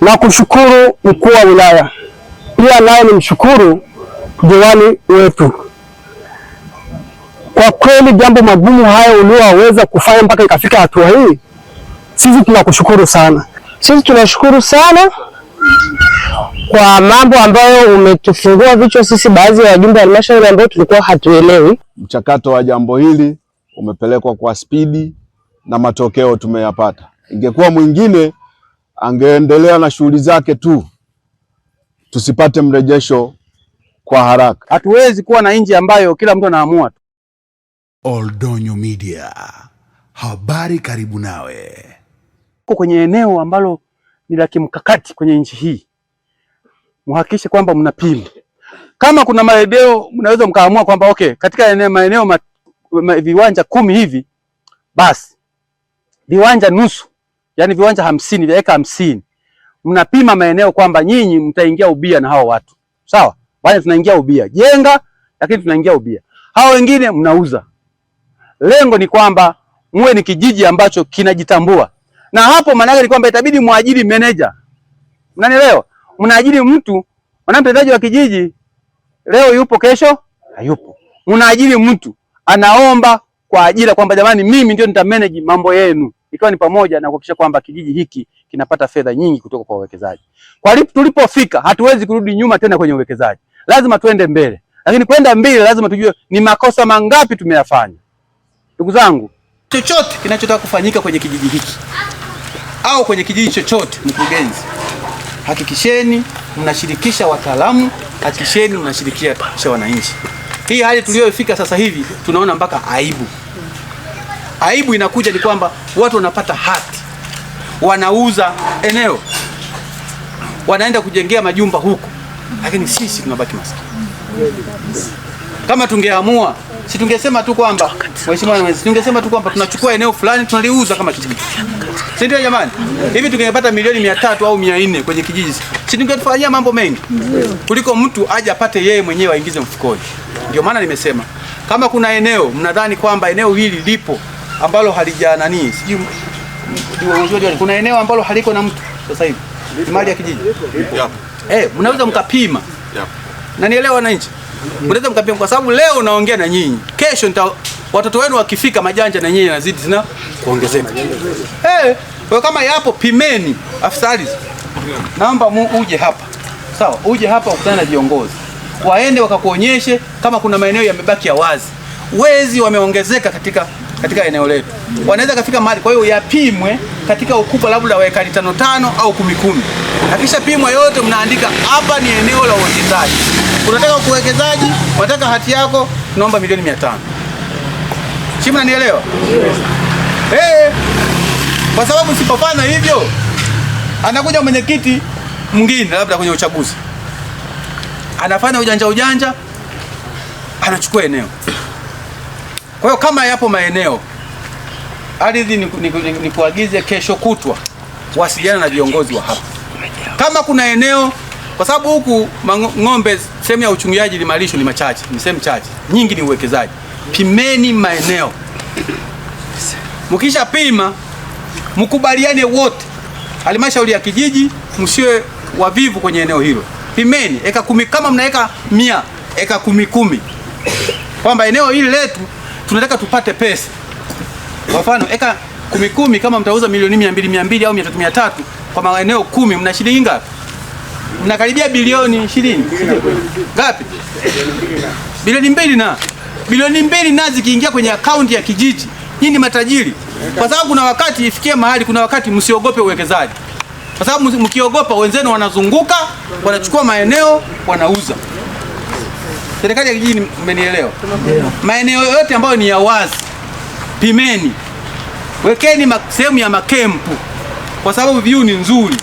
na kushukuru mkuu wa wilaya, pia naye ni mshukuru diwani wetu. Kwa kweli jambo magumu haya ulioweza kufanya mpaka ikafika hatua hii, sisi tunakushukuru sana. Sisi tunashukuru sana kwa mambo ambayo umetufungua vichwa sisi baadhi ya wajumbe wa halmashauri ambao tulikuwa hatuelewi. Mchakato wa jambo hili umepelekwa kwa spidi na matokeo tumeyapata. Ingekuwa mwingine angeendelea na shughuli zake tu, tusipate mrejesho kwa haraka. Hatuwezi kuwa na nchi ambayo kila mtu anaamua tu. Oldonyo Media, habari karibu nawe. Uko kwenye eneo ambalo ni la kimkakati kwenye nchi hii, muhakikishe kwamba mnapima kama kuna maeneo mnaweza mkaamua kwamba okay, katika eneo maeneo ma, ma, viwanja kumi hivi basi viwanja nusu yani viwanja hamsini vya eka hamsini mnapima maeneo kwamba nyinyi mtaingia ubia na hao watu sawa, bwana, tunaingia ubia jenga, lakini tunaingia ubia hao wengine mnauza. Lengo ni kwamba muwe ni kijiji ambacho kinajitambua, na hapo maana yake ni kwamba itabidi muajiri meneja, mnanielewa? Mnaajiri mtu, maana mtendaji wa kijiji leo yupo, kesho hayupo. Mnaajiri mtu anaomba kwa ajira kwamba jamani, mimi ndio nitamanage mambo yenu ikiwa ni pamoja na kuhakikisha kwamba kijiji hiki kinapata fedha nyingi kutoka kwa wawekezaji. Kwa tulipofika, hatuwezi kurudi nyuma tena kwenye uwekezaji, lazima tuende mbele, lakini kwenda mbele lazima tujue ni makosa mangapi tumeyafanya. Ndugu zangu, chochote kinachotaka kufanyika kwenye kijiji hiki au kwenye kijiji chochote, mkurugenzi, hakikisheni mnashirikisha wataalamu, hakikisheni mnashirikisha wananchi. Hii hali tuliyofika sasa hivi tunaona mpaka aibu. Aibu inakuja ni kwamba watu wanapata hati, wanauza eneo, wanaenda kujengea majumba huku, lakini sisi tunabaki maskini. Kama tungeamua si tungesema tu kwamba mheshimiwa, tungesema tu kwamba tunachukua eneo fulani tunaliuza kama kijiji, si ndio? Jamani, hivi tungepata milioni mia tatu au mia nne kwenye kijiji, si tungefanyia mambo mengi kuliko mtu aje apate yeye mwenyewe aingize mfukoni. Ndio maana nimesema kama kuna eneo mnadhani kwamba eneo hili lipo ambalo halija nani, sijui kuna eneo ambalo haliko na mtu sasa hivi mali ya kijiji eh, mnaweza mkapima na nielewa wananchi, mnaweza mkapima kwa sababu leo naongea na nyinyi, kesho nita watoto wenu wakifika majanja na nyinyi yanazidi zina kuongezeka eh, kwa kama yapo pimeni. afisari naomba uje hapa sawa, uje hapa ukutane na viongozi waende wakakuonyeshe kama kuna maeneo yamebaki ya wazi, wezi wameongezeka katika katika eneo letu, wanaweza kafika mahali. Kwa hiyo yapimwe katika ukubwa labda wa ekari tano tano au kumi kumi. Akisha pimwa yote, mnaandika hapa ni eneo la uwekezaji, unataka kuwekezaji, unataka hati yako, naomba milioni mia tano. Si mnanielewa? Hey, eh, kwa sababu sipofana hivyo anakuja mwenyekiti mwingine labda kwenye uchaguzi anafanya ujanja ujanja, anachukua eneo kwa hiyo kama yapo maeneo ardhi, nikuagize kesho kutwa wasiliana na viongozi wa hapa, kama kuna eneo, kwa sababu huku ng'ombe, sehemu ya uchungiaji ni malisho, ni machache, ni sehemu chache, nyingi ni uwekezaji. Pimeni maeneo, mkisha pima mkubaliane wote, halmashauri ya kijiji, msiwe wavivu kwenye eneo hilo. Pimeni eka kumi, kama mnaweka mia eka kumi kumi, kwamba eneo hili letu tunataka tupate pesa. Kwa mfano eka kumi kumi, kama mtauza milioni mia mbili mia mbili au mia tatu mia tatu kwa maeneo kumi, mna shilingi ngapi? Mnakaribia bilioni ishirini ngapi? Bilioni mbili na bilioni mbili na zikiingia kwenye akaunti ya kijiji, hii ni matajiri. Kwa sababu kuna wakati ifikie mahali, kuna wakati msiogope uwekezaji, kwa sababu mkiogopa, wenzenu wanazunguka wanachukua maeneo wanauza serikali ya kijiji mmenielewa? Maeneo yote ambayo ni ya wazi pimeni, wekeni sehemu ya makempu, kwa sababu view ni nzuri,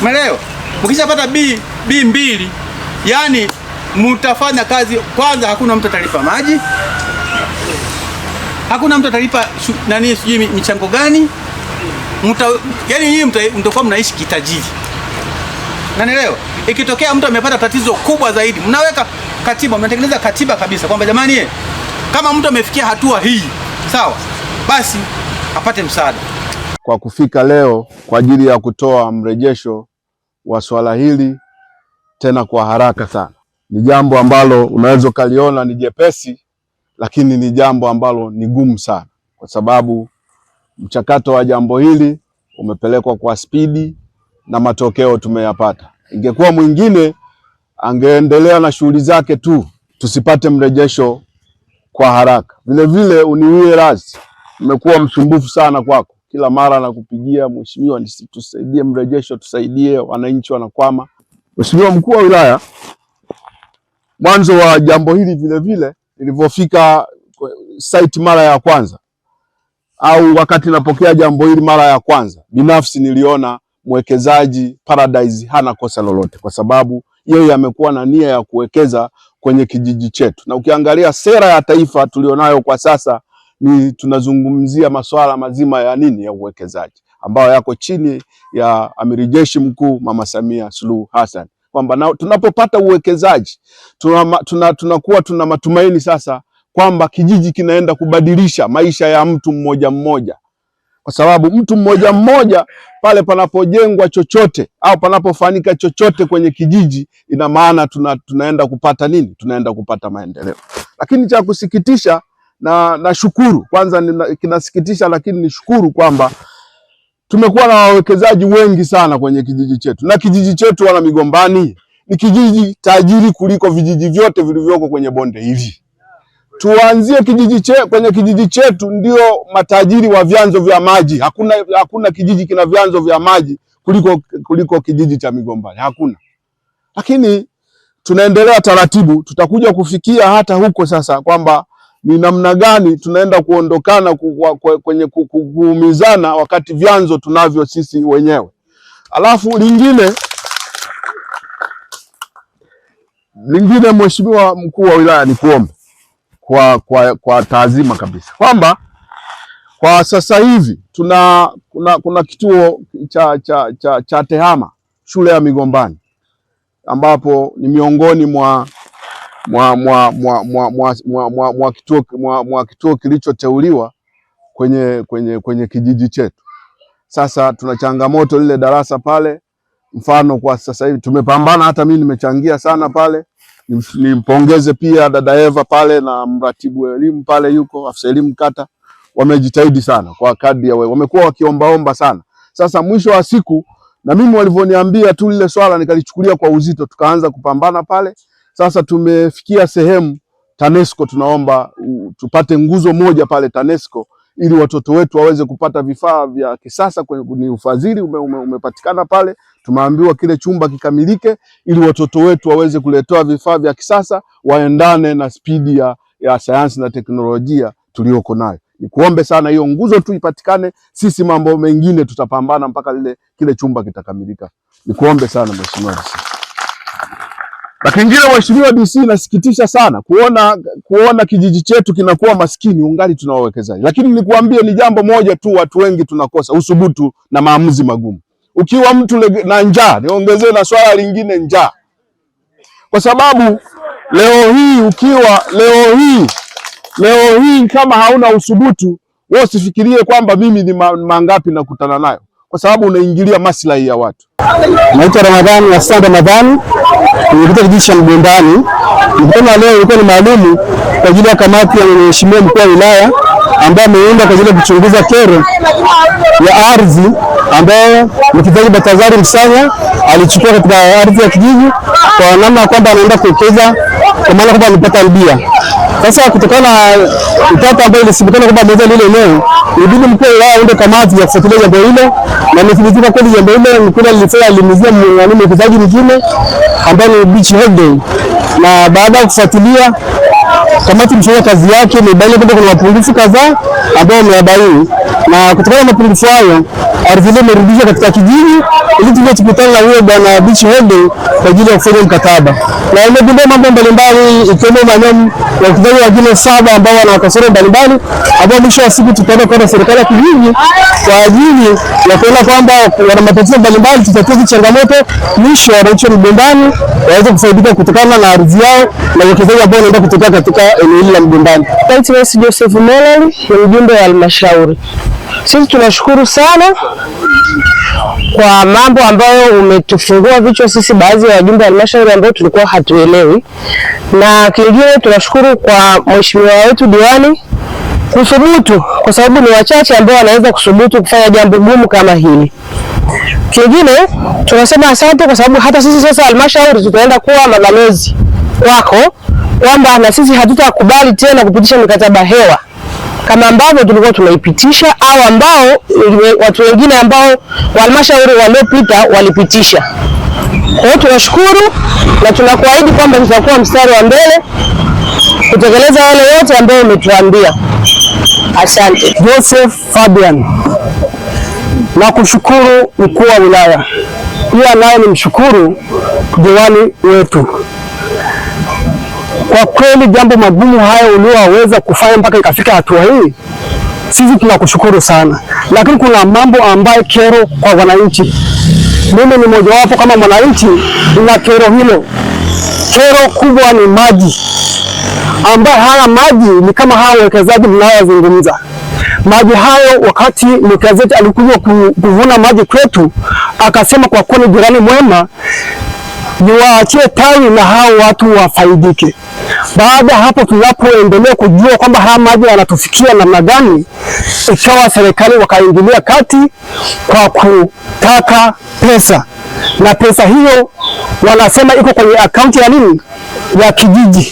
umeelewa? Mkishapata B B mbili, yani mtafanya kazi kwanza. Hakuna mtu atalipa maji, hakuna mtu atalipa nani, sijui michango gani mta, yani nyinyi mtakuwa mnaishi kitajiri, nanielewa. Ikitokea mtu amepata tatizo kubwa zaidi, mnaweka katiba, mnatengeneza katiba kabisa kwamba jamani, eh, kama mtu amefikia hatua hii sawa, basi apate msaada. Kwa kufika leo kwa ajili ya kutoa mrejesho wa swala hili tena kwa haraka sana, ni jambo ambalo unaweza ukaliona ni jepesi, lakini ni jambo ambalo ni gumu sana, kwa sababu mchakato wa jambo hili umepelekwa kwa spidi na matokeo tumeyapata. Ingekuwa mwingine angeendelea na shughuli zake tu, tusipate mrejesho kwa haraka. Vilevile uniwie radhi, nimekuwa msumbufu sana kwako, kila mara nakupigia, mheshimiwa, tusaidie mrejesho, tusaidie, wananchi wanakwama. Mheshimiwa mkuu wa wilaya, mwanzo wa jambo hili vilevile nilivyofika site mara ya kwanza au wakati napokea jambo hili mara ya kwanza, binafsi niliona mwekezaji Paradise hana kosa lolote, kwa sababu yeye amekuwa na nia ya kuwekeza kwenye kijiji chetu, na ukiangalia sera ya taifa tulionayo kwa sasa ni tunazungumzia masuala mazima ya nini ya uwekezaji ambayo yako chini ya amiri jeshi mkuu Mama Samia Suluhu Hassan, kwamba tunapopata uwekezaji tunakuwa tuna, tuna, tuna matumaini sasa kwamba kijiji kinaenda kubadilisha maisha ya mtu mmoja mmoja kwa sababu mtu mmoja mmoja pale panapojengwa chochote au panapofanyika chochote kwenye kijiji, ina maana tuna, tunaenda kupata nini? Tunaenda kupata maendeleo. Lakini cha kusikitisha na nashukuru kwanza nina, kinasikitisha lakini nishukuru kwamba tumekuwa na wawekezaji wengi sana kwenye kijiji chetu, na kijiji chetu wana Migombani ni kijiji tajiri kuliko vijiji vyote vilivyoko kwenye bonde hili tuanzie kijiji che, kwenye kijiji chetu ndio matajiri wa vyanzo vya maji. Hakuna, hakuna kijiji kina vyanzo vya maji kuliko, kuliko kijiji cha Migombani hakuna, lakini tunaendelea taratibu, tutakuja kufikia hata huko sasa kwamba ni namna gani tunaenda kuondokana kwenye kuumizana wakati vyanzo tunavyo sisi wenyewe. Alafu lingine lingine, Mheshimiwa Mkuu wa Wilaya, nikuombe kwa, kwa, kwa taazima kabisa kwamba kwa sasa hivi tuna kuna, kuna kituo cha, cha, cha, cha TEHAMA shule ya Migombani ambapo ni miongoni mwa mwa mwa mwa mwa mwa mwa mwa mwa kituo mwa mwa kituo kilichoteuliwa kwenye kwenye kwenye kijiji chetu. Sasa tuna changamoto lile darasa pale, mfano kwa sasa hivi tumepambana, hata mimi nimechangia sana pale nimpongeze pia dada Eva pale na mratibu wa elimu pale yuko afisa elimu kata, wamejitahidi sana kwa kadri ya wewe, wamekuwa wakiombaomba sana. Sasa mwisho wa siku na mimi walivyoniambia tu lile swala nikalichukulia kwa uzito, tukaanza kupambana pale. Sasa tumefikia sehemu TANESCO tunaomba tupate nguzo moja pale TANESCO ili watoto wetu waweze kupata vifaa vya kisasa kwenye ufadhili ume, ume, umepatikana pale. Tumeambiwa kile chumba kikamilike ili watoto wetu waweze kuletewa vifaa vya kisasa, waendane na spidi ya, ya sayansi na teknolojia tuliyoko nayo. Nikuombe sana hiyo nguzo tu ipatikane, sisi mambo mengine tutapambana mpaka lile kile chumba kitakamilika. Nikuombe sana mheshimiwa DC. Lakini mheshimiwa DC, nasikitisha sana kuona kuona kijiji chetu kinakuwa maskini ungali tuna lakini nikuambie ni jambo moja tu, watu wengi tunakosa usubutu na maamuzi magumu ukiwa mtu na njaa, niongezee na swala lingine, njaa, kwa sababu leo hii ukiwa leo hii leo hii kama hauna usubutu wewe, usifikirie kwamba mimi ni mangapi nakutana nayo, kwa sababu unaingilia maslahi ya watu. Naitwa Ramadhani Hassan Ramadhani, nimekuja kijiji cha Mgondani. Mkutano leo ulikuwa ni maalumu kwa ajili ya kamati ya mheshimiwa mkuu wa wilaya ambaye ameunda kwa ajili ya kuchunguza kero ya ardhi ambayo mwekezaji Batazari Msanya alichukua katika ardhi ya kijiji kwa namna ya kwamba anaenda kuwekeza, kwa maana kwamba alipata albia. Sasa kutokana na utata ambao ilisemekana kwamba ameuza lile eneo, ilibidi mkuu wa wilaya aunde kamati ya kufuatilia jambo hilo, na imethibitika kweli jambo hilo ni mkuu alisema alimuzia mwekezaji mwingine ambaye ni Beach Holiday, na baada ya kufuatilia Kamati mshauri kazi yake imebaini kwamba kuna mapungufu kadhaa ambayo ameyabaini, na kutokana na mapungufu hayo ardhi imerudishwa katika kijiji ili tuje tukutane na huyo bwana Bichi Holding kwa ajili ya kufanya mkataba, na imegundua mambo mbalimbali ikiwemo maeneo ya wawekezaji wengine saba ambao wana kasoro mbalimbali, ambao mwisho wa siku tutaenda kwa serikali ya kijiji kwa ajili ya kuona kwamba wana matatizo mbalimbali, tutatue changamoto, mwisho wananchi wa Mgombani waweze kufaidika kutokana na ardhi yao na wawekezaji ambao wanaenda kutokea katika eneo hili la Mgombani. Rais Joseph Melali ni mjumbe wa halmashauri. Sisi tunashukuru sana kwa mambo ambayo umetufungua vichwa sisi baadhi ya wajumbe wa halmashauri ambao tulikuwa hatuelewi, na kingine tunashukuru kwa mheshimiwa wetu diwani kusubutu, kwa sababu ni wachache ambao wanaweza kusubutu kufanya jambo gumu kama hili. Kingine tunasema asante, kwa sababu hata sisi sasa halmashauri tutaenda kuwa mabalozi wako kwamba na sisi hatutakubali tena kupitisha mikataba hewa kama ambavyo tulikuwa tunaipitisha au ambao watu wengine ambao halmashauri waliopita walipitisha. Kwa hiyo tunashukuru na tunakuahidi kwamba tutakuwa mstari wa mbele kutekeleza yale yote ambayo umetuambia. Asante. Joseph Fabian, nakushukuru mkuu wa wilaya, pia naye ni mshukuru diwani wetu kwa kweli jambo magumu hayo ulioweza kufanya mpaka ikafika hatua hii, sisi tunakushukuru sana, lakini kuna mambo ambayo kero kwa wananchi. Mimi ni mojawapo kama mwananchi, na kero hilo. Kero kubwa ni maji, ambayo haya maji ni kama haya wawekezaji mnayozungumza maji hayo. Wakati mwekezaji alikuja kuvuna maji kwetu, akasema kwa kuwa ni jirani mwema niwaachie tawi na hao watu wafaidike. Baada hapo, tunapoendelea kujua kwamba haya maji yanatufikia namna gani, ikawa serikali wakaingilia kati kwa kutaka pesa, na pesa hiyo wanasema iko kwenye akaunti ya nini, ya kijiji.